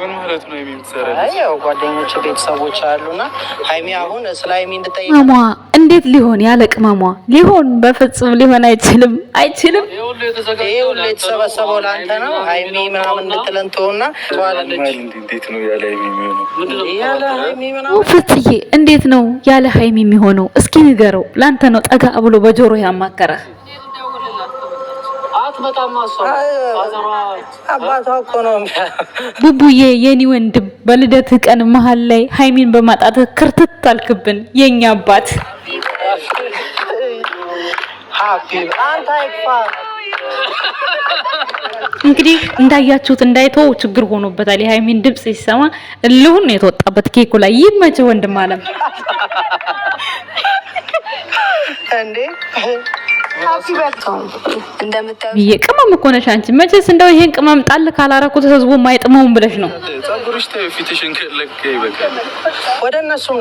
ምን ማለት ነው ጓደኞች ቤተሰቦች አሉና ሀይሚ አሁን ስለ ሀይሚ እንድጠይቅ ማማ እንዴት ሊሆን ያለ ቅመሟ ሊሆን በፍጹም ሊሆን አይችልም፣ አይችልም። ይሄ ሁሉ የተሰበሰበው ለአንተ ነው ሀይሚ ምናምን እንድትለን ተውና ፍትዬ እንዴት ነው ያለ ሀይሚ የሚሆነው? እስኪ ንገረው። ለአንተ ነው ጠጋ ብሎ በጆሮ ያማከረህ አባቷ እኮ ነው ቡቡዬ፣ የኔ ወንድም በልደት ቀን መሀል ላይ ሀይሚን በማጣት ክርትት አልክብን የኛ አባት እንግዲህ እንዳያችሁት እንዳይተው ችግር ሆኖበታል። የሀይሚን ድምጽ ሲሰማ እልሁን ነው የተወጣበት ኬኩ ላይ። ይመችህ ወንድም አለም እንዴ ብዬ ቅመም እኮ ነሽ አንቺ። መቼስ እንደው ይሄን ቅመም ጣል ካላረኩት ህዝቡ የማይጥመውን ብለሽ ነው። ጸጉርሽ ተይው፣ ፊትሽን ከለክ ይበቃል። ወደ እነሱም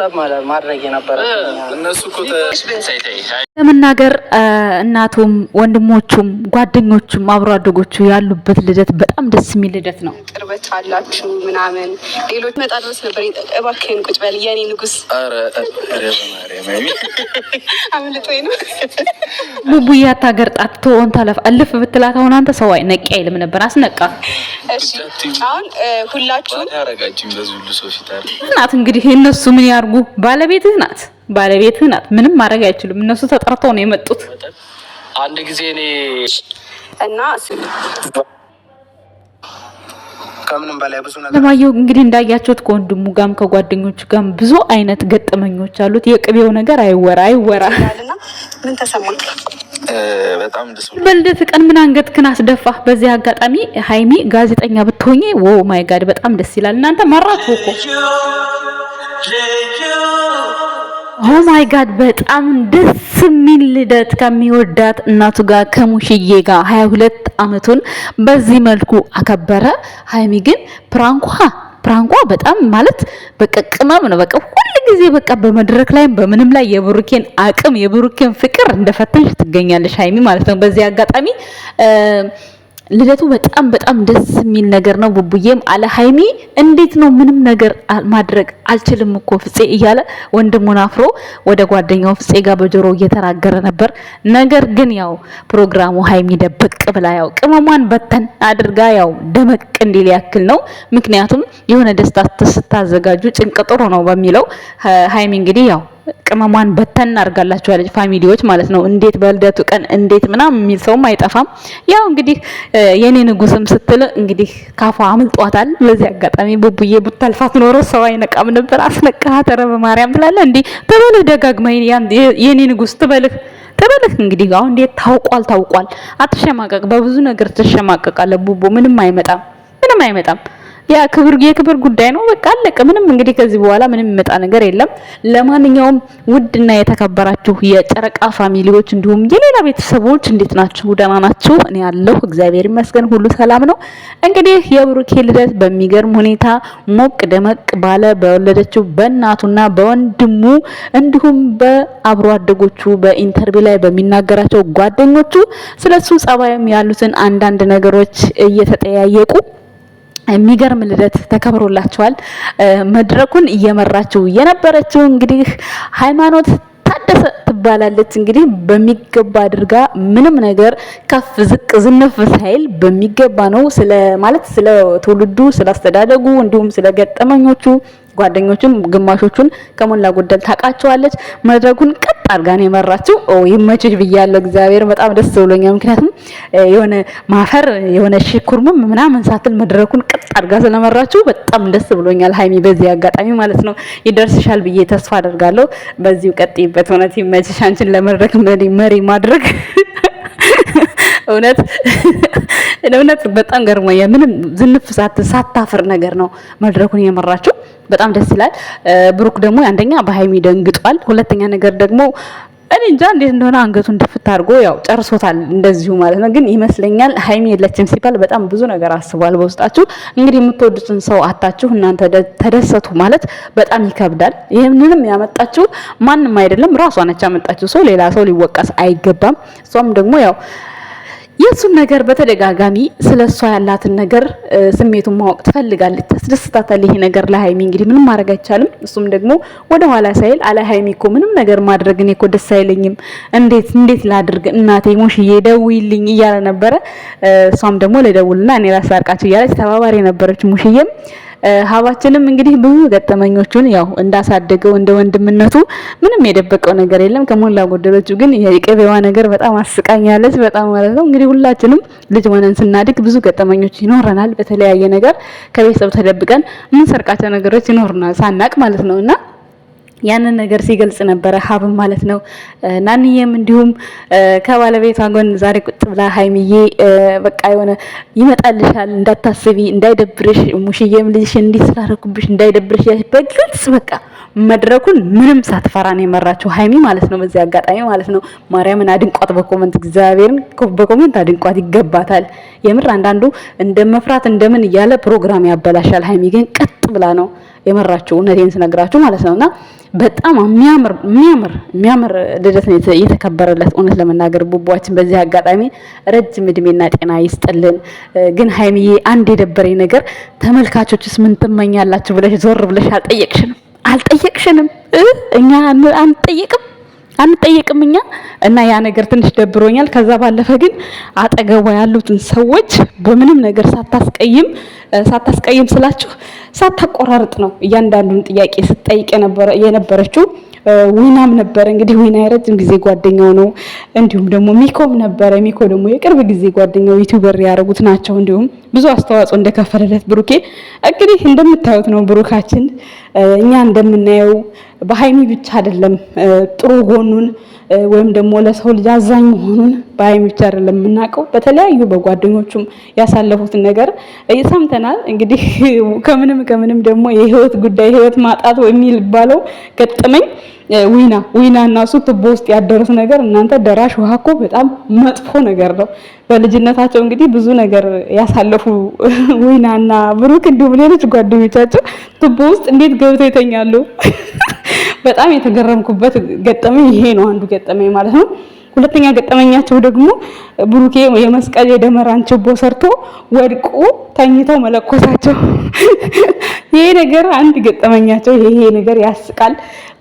ማድረግ የነበረ እነሱ እኮ ለመናገር እናቱም ወንድሞቹም ጓደኞቹም አብሮ አደጎቹ ያሉበት ልደት በጣም ደስ የሚል ልደት ነው። ቅርበት አላችሁ ምናምን ሌሎች መጣ ድረስ ነበር። እባክህን ቁጭ በል የኔ ንጉስ። አምልጦ ነው ቡያት ሀገር ጣጥቶ ኦን ታለፍ አልፍ ብትላት አሁን አንተ ሰው አይነቂ አይልም ነበር። አስነቃ። እሺ አሁን ሁላችሁም ናት እንግዲህ እነሱ ምን ያርጉ? ባለቤትህ ናት፣ ባለቤትህ ናት። ምንም ማድረግ አይችሉም። እነሱ ተጠርተው ነው የመጡት። አንድ ጊዜ እኔ እና ከምንም በላይ ብዙ ነገር ለማየሁ እንግዲህ እንዳያችሁት ከወንድሙ ጋም ከጓደኞቹ ጋም ብዙ አይነት ገጠመኞች አሉት። የቅቤው ነገር አይወራ አይወራ ምን ተሰማ? በልደት ቀን ምን አንገትክን አስደፋ በዚህ አጋጣሚ ሀይሚ ጋዜጠኛ ብትሆኝ ወ ማይ ጋድ በጣም ደስ ይላል። እናንተ መራችሁ እኮ ኦ ማይ ጋድ በጣም ደስ የሚል ልደት ከሚወዳት እናቱ ጋር ከሙሽዬ ጋር 22 አመቱን በዚህ መልኩ አከበረ። ሀይሚ ግን ፕራንኳ ፕራንኳ በጣም ማለት በቃ ቅመም ነው። በቃ ሁል ጊዜ በቃ በመድረክ ላይ በምንም ላይ የብሩኬን አቅም የብሩኬን ፍቅር እንደፈተንሽ ትገኛለሽ ሀይሚ ማለት ነው። በዚህ አጋጣሚ ልደቱ በጣም በጣም ደስ የሚል ነገር ነው። ቡቡዬም አለ ሀይሚ እንዴት ነው ምንም ነገር ማድረግ አልችልም እኮ ፍፄ እያለ ወንድሙን አፍሮ ወደ ጓደኛው ፍፄ ጋር በጆሮ እየተናገረ ነበር። ነገር ግን ያው ፕሮግራሙ ሀይሚ ደበቅ ብላ ያው ቅመሟን በተን አድርጋ ያው ደመቅ እንዲል ያክል ነው። ምክንያቱም የሆነ ደስታ ስታዘጋጁ ጭንቅ ጥሩ ነው በሚለው ሀይሚ እንግዲህ ያው ቅመሟን በተን አድርጋላችኋለች ፋሚሊዎች ማለት ነው። እንዴት በልደቱ ቀን እንዴት ምናምን የሚል ሰውም አይጠፋም። ያው እንግዲህ የኔ ንጉስም ስትል እንግዲህ ካፏ አምልጧታል። በዚህ አጋጣሚ ቡቡዬ ብታልፋት ኖሮ ሰው አይነቃም ነበር። አስነቃሃት፣ ተረ በማርያም ትላለህ። እንዲህ ትበልህ ደጋግማ የኔ ንጉስ ትበልህ ትበልህ። እንግዲህ አሁን እንዴት ታውቋል፣ ታውቋል። አትሸማቀቅ። በብዙ ነገር ትሸማቀቃለህ ቡቡ። ምንም አይመጣም፣ ምንም አይመጣም። ያ ክብር የክብር ጉዳይ ነው። በቃ አለቀ። ምንም እንግዲህ ከዚህ በኋላ ምንም መጣ ነገር የለም። ለማንኛውም ውድና የተከበራችሁ የጨረቃ ፋሚሊዎች እንዲሁም የሌላ ቤተሰቦች እንዴት ናችሁ? ደህና ናችሁ? እኔ ያለሁ እግዚአብሔር ይመስገን ሁሉ ሰላም ነው። እንግዲህ የብሩኬ ልደት በሚገርም ሁኔታ ሞቅ ደመቅ ባለ በወለደችው በእናቱና በወንድሙ እንዲሁም በአብሮ አደጎቹ በኢንተርቪው ላይ በሚናገራቸው ጓደኞቹ ስለሱ ጸባይም ያሉትን አንዳንድ ነገሮች እየተጠያየቁ የሚገርም ልደት ተከብሮላቸዋል። መድረኩን እየመራችው የነበረችው እንግዲህ ሃይማኖት ታደሰ ትባላለች። እንግዲህ በሚገባ አድርጋ ምንም ነገር ከፍ ዝቅ ዝንፍ ሳይል በሚገባ ነው ስለ ማለት ስለ ትውልዱ ስለ አስተዳደጉ እንዲሁም ስለ ገጠመኞቹ ጓደኞቹን ግማሾቹን ከሞላ ጎደል ታውቃቸዋለች። መድረኩን ቀጥ አድርጋ ነው የመራችው። ኦ ይመችሽ ብያለሁ። እግዚአብሔር በጣም ደስ ብሎኛል። ምክንያቱም የሆነ ማፈር የሆነ ሽኩርምም ምናምን ሳትል መድረኩን ቀጥ አድርጋ ስለመራችሁ በጣም ደስ ብሎኛል። ሀይሚ በዚህ አጋጣሚ ማለት ነው ይደርስሻል ብዬ ተስፋ አደርጋለሁ። በዚሁ ቀጥይበት። እውነት ይመችሽ። አንቺን ለመድረክ መሪ ማድረግ እውነት እውነት በጣም ገርሞኛል። ምንም ዝንፍ ሳታፍር ነገር ነው መድረኩን የመራችው። በጣም ደስ ይላል። ብሩክ ደግሞ አንደኛ በሀይሚ ደንግጧል፣ ሁለተኛ ነገር ደግሞ እኔ እንጃ እንዴት እንደሆነ አንገቱን ድፍት አድርጎ ያው ጨርሶታል፣ እንደዚሁ ማለት ነው። ግን ይመስለኛል ሀይሚ የለችም ሲባል በጣም ብዙ ነገር አስቧል በውስጣችሁ። እንግዲህ የምትወዱትን ሰው አታችሁ እናንተ ተደሰቱ ማለት በጣም ይከብዳል። ይህንንም ያመጣችሁ ማንም አይደለም፣ ራሷ ነች ያመጣችሁ። ሰው ሌላ ሰው ሊወቀስ አይገባም። እሷም ደግሞ ያው የእሱን ነገር በተደጋጋሚ ስለ እሷ ያላትን ነገር ስሜቱን ማወቅ ትፈልጋለች፣ ታስደስታታል። ይሄ ነገር ለሀይሚ እንግዲህ ምንም ማድረግ አይቻልም። እሱም ደግሞ ወደ ኋላ ሳይል አለ ሀይሚ እኮ ምንም ነገር ማድረግ እኔ እኮ ደስ አይለኝም፣ እንዴት እንዴት ላድርግ እናቴ ሙሽዬ ደውይልኝ እያለ ነበረ። እሷም ደግሞ ለደውልና እኔ ራስ ላርቃቸው እያለች ተባባሪ ነበረች ሙሽዬም ሀባችንም እንግዲህ ብዙ ገጠመኞቹን ያው እንዳሳደገው እንደ ወንድምነቱ ምንም የደበቀው ነገር የለም። ከሞላ ጎደሎቹ ግን የቅቤዋ ነገር በጣም አስቃኛለች፣ በጣም ማለት ነው። እንግዲህ ሁላችንም ልጅ ሆነን ስናድግ ብዙ ገጠመኞች ይኖረናል። በተለያየ ነገር ከቤተሰብ ተደብቀን ምን ሰርቃቸው ነገሮች ይኖሩናል ሳናቅ ማለት ነውና ያንን ነገር ሲገልጽ ነበረ ሀብም ማለት ነው። ናንዬም እንዲሁም ከባለቤቷ ጎን ዛሬ ቁጭ ብላ ሀይሚዬ በቃ የሆነ ይመጣልሻል፣ እንዳታስቢ፣ እንዳይደብርሽ፣ ሙሽዬም ልጅሽ እንዲስላረኩብሽ እንዳይደብርሽ ያልሽ በግልጽ በቃ መድረኩን ምንም ሳትፈራ ነው የመራችው ሀይሚ ማለት ነው። በዚህ አጋጣሚ ማለት ነው ማርያምን አድንቋት በኮመንት እግዚአብሔርን በኮመንት አድንቋት ይገባታል። የምር አንዳንዱ እንደመፍራት እንደምን እያለ ፕሮግራም ያበላሻል። ሀይሚ ግን ቀጥ ብላ ነው የመራችው እውነቴን ስነግራችሁ ማለት ነውና በጣም የሚያምር የሚያምር የሚያምር ልደት ነው የተከበረለት። እውነት ለመናገር ቡቧችን በዚህ አጋጣሚ ረጅም እድሜና ጤና ይስጥልን። ግን ሀይሚዬ አንድ የደበረኝ ነገር ተመልካቾችስ ምን ትመኛላችሁ ብለሽ ዞር ብለሽ አልጠየቅሽንም አልጠየቅሽንም። እኛ አንጠየቅም አንጠየቅም እኛ እና ያ ነገር ትንሽ ደብሮኛል። ከዛ ባለፈ ግን አጠገቧ ያሉትን ሰዎች በምንም ነገር ሳታስቀይም ሳታስቀይም ስላችሁ ሳታቆራርጥ ነው እያንዳንዱን ጥያቄ ስትጠይቅ የነበረችው። ዊናም ነበረ እንግዲህ ዊና የረጅም ጊዜ ጓደኛው ነው። እንዲሁም ደግሞ ሚኮም ነበረ። ሚኮ ደግሞ የቅርብ ጊዜ ጓደኛው ዩቲዩበር ያደረጉት ናቸው። እንዲሁም ብዙ አስተዋጽኦ እንደከፈለለት ብሩኬ እንግዲህ እንደምታዩት ነው ብሩካችን እኛ እንደምናየው በሀይሚ ብቻ አይደለም ጥሩ ጎኑን ወይም ደግሞ ለሰው ልጅ አዛኝ መሆኑን በአይን ብቻ አይደለም የምናውቀው፣ በተለያዩ በጓደኞቹም ያሳለፉትን ነገር ሰምተናል። እንግዲህ ከምንም ከምንም ደግሞ የህይወት ጉዳይ ህይወት ማጣት የሚባለው ገጠመኝ ዊና ዊና እና እሱ ቱቦ ውስጥ ያደረስ ነገር እናንተ ደራሽ ውሃ እኮ በጣም መጥፎ ነገር ነው። በልጅነታቸው እንግዲህ ብዙ ነገር ያሳለፉ ዊና እና ብሩክ እንዲሁም ሌሎች ጓደኞቻቸው ቱቦ ውስጥ እንዴት ገብተው ይተኛሉ? በጣም የተገረምኩበት ገጠመኝ ይሄ ነው አንዱ ገጠመኝ ማለት ነው። ሁለተኛ ገጠመኛቸው ደግሞ ብሩኬ የመስቀል የደመራን ችቦ ሰርቶ ወድቆ ተኝተው መለኮሳቸው። ይሄ ነገር አንድ ገጠመኛቸው። ይሄ ነገር ያስቃል።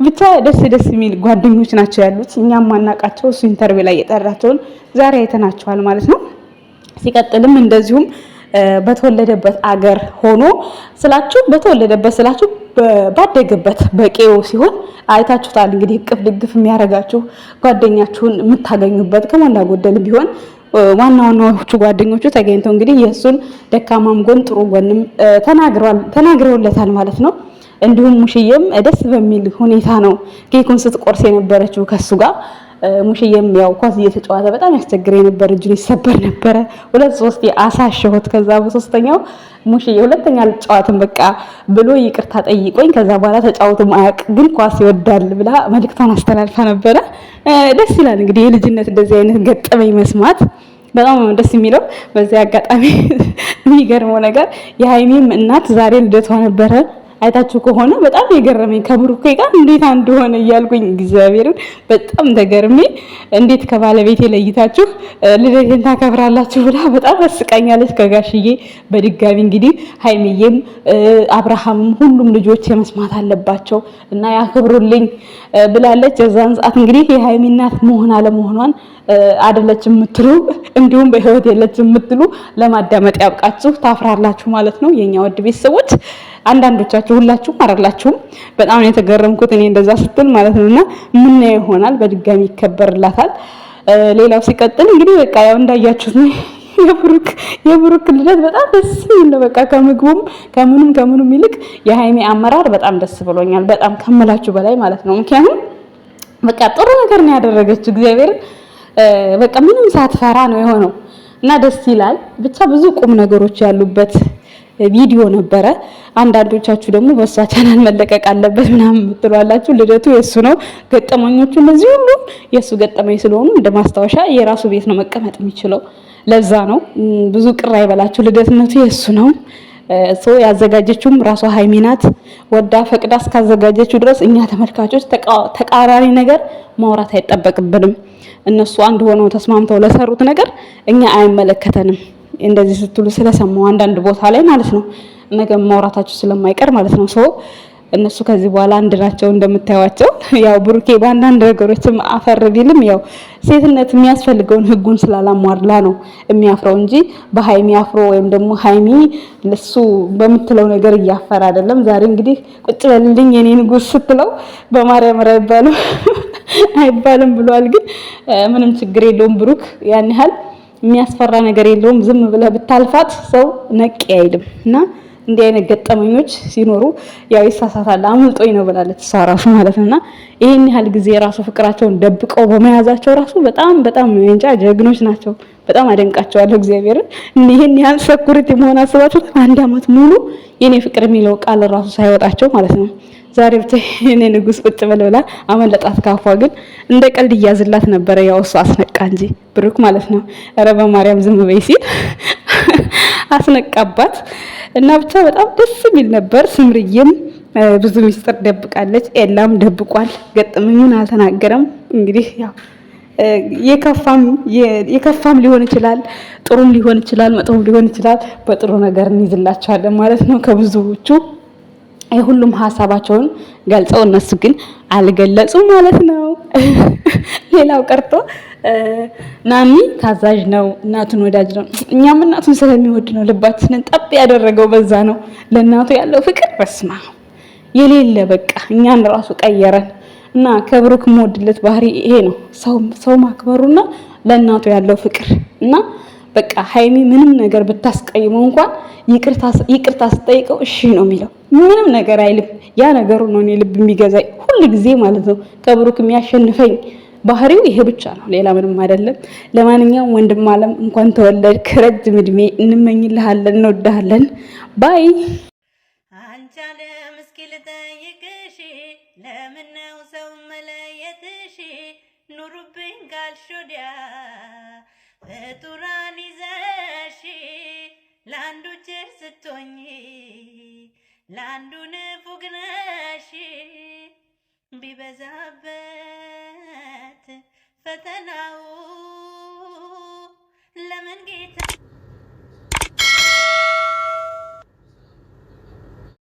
ብቻ ደስ ደስ የሚል ጓደኞች ናቸው ያሉት። እኛም ማናቃቸው እሱ ኢንተርቪው ላይ የጠራቸውን ዛሬ አይተናቸዋል ማለት ነው። ሲቀጥልም እንደዚሁም በተወለደበት አገር ሆኖ ስላችሁ በተወለደበት ስላችሁ ባደገበት በቄው ሲሆን አይታችሁታል። እንግዲህ እቅፍ ድግፍ የሚያደርጋችሁ ጓደኛችሁን የምታገኙበት ከሞላ ጎደል ቢሆን ዋና ዋናዎቹ ጓደኞቹ ተገኝተው እንግዲህ የእሱን ደካማም ጎን ጥሩ ጎንም ተናግረውለታል ማለት ነው። እንዲሁም ሙሽዬም ደስ በሚል ሁኔታ ነው ኬኩን ስትቆርስ የነበረችው ከሱ ጋር ሙሽዬም ያው ኳስ እየተጫወተ በጣም ያስቸግረ ነበር፣ እጁን ይሰበር ነበረ። ሁለት ሶስት አሳሸሁት። ከዛ በሶስተኛው ሙሽዬ ሁለተኛ አልጫወትም በቃ ብሎ ይቅርታ ጠይቆኝ ከዛ በኋላ ተጫወቱም አያውቅ ግን ኳስ ይወዳል ብላ መልእክቷን አስተላልፋ ነበረ። ደስ ይላል እንግዲህ የልጅነት እንደዚህ አይነት ገጠመኝ መስማት በጣም ደስ የሚለው በዚህ አጋጣሚ የሚገርመው ነገር የሀይሚም እናት ዛሬ ልደቷ ነበረ። አይታችሁ ከሆነ በጣም የገረመኝ ከብሩኬ ጋር እንዴት አንድ ሆነ እያልኩኝ እግዚአብሔርን በጣም ተገርሜ እንዴት ከባለቤቴ ለይታችሁ ልደቴን ታከብራላችሁ ብላ በጣም አስቃኛለች። ከጋሽዬ በድጋሚ እንግዲህ ሀይሚዬም አብርሃምም ሁሉም ልጆች መስማት አለባቸው እና ያክብሩልኝ ብላለች። የዛን ሰዓት እንግዲህ የሀይሚ እናት መሆን አለመሆኗን አደለች የምትሉ እንዲሁም በህይወት የለች የምትሉ ለማዳመጥ ያብቃችሁ። ታፍራላችሁ ማለት ነው የኛ ወድ ቤተሰቦች። አንዳንዶቻችሁ ሁላችሁም አረላችሁም በጣም የተገረምኩት እኔ እንደዛ ስትል ማለት ነውና ምናየው ይሆናል። በድጋሚ ይከበርላታል። ሌላው ሲቀጥል እንግዲህ በቃ ያው እንዳያችሁት ነው የብሩክ የብሩክ ልደት በጣም ደስ የሚል በቃ ከምግቡም ከምኑም ከምኑም ይልቅ የሀይሜ አመራር በጣም ደስ ብሎኛል። በጣም ከምላችሁ በላይ ማለት ነው። ምክንያቱም በቃ ጥሩ ነገር ነው ያደረገችው። እግዚአብሔር በቃ ምንም ሳትፈራ ነው የሆነው እና ደስ ይላል። ብቻ ብዙ ቁም ነገሮች ያሉበት ቪዲዮ ነበረ። አንዳንዶቻችሁ ደግሞ በእሷ ቻናል መለቀቅ አለበት ምናምን የምትሏላችሁ። ልደቱ የእሱ ነው። ገጠመኞቹ እነዚህ ሁሉ የእሱ ገጠመኝ ስለሆኑ እንደ ማስታወሻ የራሱ ቤት ነው መቀመጥ የሚችለው። ለዛ ነው ብዙ ቅር አይበላችሁ። ልደትነቱ የእሱ ነው። ሰው ያዘጋጀችውም ራሷ ሀይሚ ናት። ወዳ ፈቅዳ እስካዘጋጀችው ድረስ እኛ ተመልካቾች ተቃራኒ ነገር ማውራት አይጠበቅብንም። እነሱ አንድ ሆነው ተስማምተው ለሰሩት ነገር እኛ አይመለከተንም። እንደዚህ ስትሉ ስለሰማው አንዳንድ ቦታ ላይ ማለት ነው ነገ ማውራታችሁ ስለማይቀር ማለት ነው ሶ እነሱ ከዚህ በኋላ አንድ ናቸው እንደምታዩቸው ያው ብሩኬ በአንዳንድ ነገሮችም አፈር ቢልም ያው ሴትነት የሚያስፈልገውን ህጉን ስላላሟላ ነው የሚያፍረው እንጂ በሀይሚ አፍሮ ወይም ደግሞ ሀይሚ ለሱ በምትለው ነገር እያፈረ አይደለም። ዛሬ እንግዲህ ቁጭ በልልኝ የኔ ንጉስ ስትለው በማርያም አይባልም ብሏል። ግን ምንም ችግር የለውም ብሩክ ያን ያህል የሚያስፈራ ነገር የለውም። ዝም ብለህ ብታልፋት ሰው ነቄ አይልም እና እንዲህ አይነት ገጠመኞች ሲኖሩ ያው ይሳሳታል። አምልጦኝ ነው ብላለች እሷ ራሱ ማለት ነውና ይህን ያህል ጊዜ ራሱ ፍቅራቸውን ደብቀው በመያዛቸው ራሱ በጣም በጣም እንጃ ጀግኖች ናቸው። በጣም አደንቃቸዋለሁ እግዚአብሔርን። ይህን ያህል ሰኩሪቲ መሆን አስባችሁት አንድ አመት ሙሉ የኔ ፍቅር የሚለው ቃል ራሱ ሳይወጣቸው ማለት ነው ዛሬ ብቻ የኔ ንጉስ ቁጭ በል ብላ አመለጣት ካፏ። ግን እንደ ቀልድ እያዝላት ነበረ። ያው እሱ አስነቃ እንጂ ብሩክ ማለት ነው። ኧረ በማርያም ዝም በይ ሲል አስነቃባት እና ብቻ በጣም ደስ የሚል ነበር። ስምርዬም ብዙ ሚስጥር ደብቃለች፣ ኤላም ደብቋል። ገጠመኙን አልተናገረም። እንግዲህ ያው የከፋም ሊሆን ይችላል፣ ጥሩም ሊሆን ይችላል፣ መጥፎም ሊሆን ይችላል። በጥሩ ነገር እንይዝላቸዋለን ማለት ነው ከብዙዎቹ የሁሉም ሀሳባቸውን ገልጸው እነሱ ግን አልገለጹም ማለት ነው። ሌላው ቀርቶ ናኒ ታዛዥ ነው፣ እናቱን ወዳጅ ነው። እኛም እናቱን ስለሚወድ ነው ልባችንን ጠብ ያደረገው በዛ ነው። ለእናቱ ያለው ፍቅር በስማ የሌለ በቃ እኛን ራሱ ቀየረን እና ከብሩክ የምወድለት ባህሪ ይሄ ነው፣ ሰው ማክበሩና ለእናቱ ያለው ፍቅር እና በቃ ሀይሚ ምንም ነገር ብታስቀይመው እንኳን ይቅርታ ስጠይቀው እሺ ነው የሚለው። ምንም ነገር አይልም። ያ ነገሩ ነው እኔ ልብ የሚገዛኝ ሁል ጊዜ ማለት ነው። ከብሩክ የሚያሸንፈኝ ባህሪው ይሄ ብቻ ነው፣ ሌላ ምንም አይደለም። ለማንኛውም ወንድም አለም እንኳን ተወለድክ፣ ረጅም እድሜ እንመኝልሃለን፣ እንወዳሃለን። ባይ አንቻለም እስኪ ልጠይቅሽ፣ ነው ሰው መለየትሽ? ኑሩብኝ ፍጡራን ይዘሽ ለአንዱ ጭር ስቶኝ ለአንዱ ንፉግ ነሽ ቢበዛበት ፈተናው ለምን ጌታ